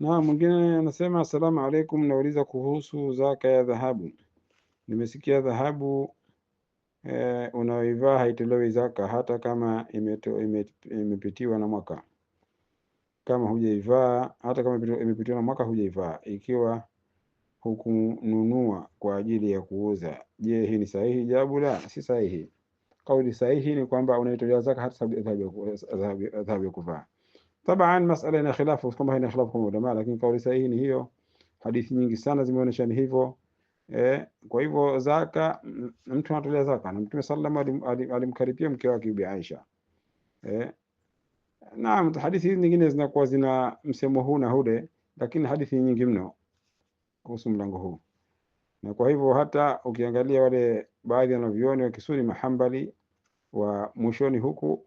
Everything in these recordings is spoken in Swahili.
Na mwingine anasema asalamu alaikum, nauliza kuhusu zaka ya dhahabu. Nimesikia dhahabu e, eh, unaoivaa haitolewi zaka hata kama imeto, ime, imepitiwa na mwaka, kama hujaivaa hata kama imepitiwa na mwaka hujaivaa, ikiwa hukununua kwa ajili ya kuuza. Je, hii ni sahihi? Jawabu la si sahihi. Kauli sahihi ni kwamba unaitolea zaka hata dhahabu ya kuvaa. طبعا masala ina khilafu kwamba ina khilafu kwa ulama, lakini kauli sahihi ni hiyo. Hadithi nyingi sana zimeonyesha ni hivyo. E, kwa hivyo zaka, mtu anatolea zaka na Mtume sallallahu alayhi mke wake Bibi Aisha. E, eh, naam, hadithi nyingine zinakuwa zina msemo huu na hule, lakini hadithi nyingi mno kuhusu mlango huu, na kwa hivyo hata ukiangalia wale baadhi ya wanavyuoni wa Kisuni mahambali wa mwishoni huku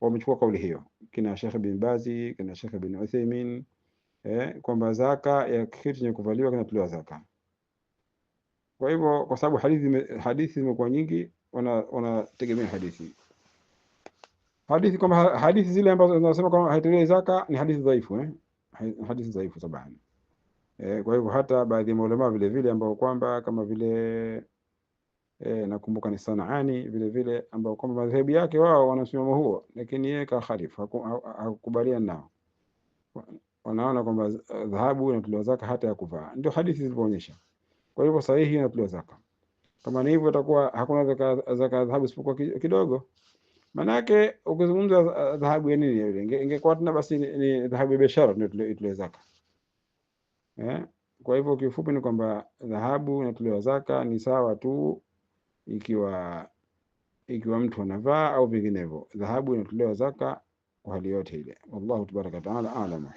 wamechukua kauli hiyo, kina Sheikh bin Bazi, kina Sheikh bin Uthaymeen eh, kwamba zaka ya kitu chenye kuvaliwa kinatolewa zaka. Kwa hivyo kwa sababu hadithi hadithi zimekuwa nyingi, wana wanategemea hadithi hadithi kwamba hadithi zile ambazo zinasema kwamba haitolewi zaka ni hadithi dhaifu eh? hadithi dhaifu tabani eh, kwa hivyo hata baadhi ya maulama vile vile ambao kwamba kama vile e, nakumbuka ni Sanaani vile vile, ambao kwamba madhehebu yake wao wanasimama huo, lakini yeye kahalifu hakukubaliana nao, wanaona kwamba dhahabu inatolewa zaka hata ya kuvaa, ndio hadithi zilivyoonyesha. Kwa hivyo sahihi inatolewa zaka, kama ni hivyo itakuwa hakuna zaka, zaka dhahabu isipokuwa kidogo. Manake ukizungumza dhahabu ya nini ile, ingekuwa tuna basi ni dhahabu ya biashara ndio itolewa zaka eh? Kwa hivyo kifupi ni kwamba dhahabu inatolewa zaka ni sawa tu ikiwa ikiwa mtu anavaa au vinginevyo. Dhahabu inatolewa zaka kwa hali yote ile. Wallahu tabaraka wataala alam.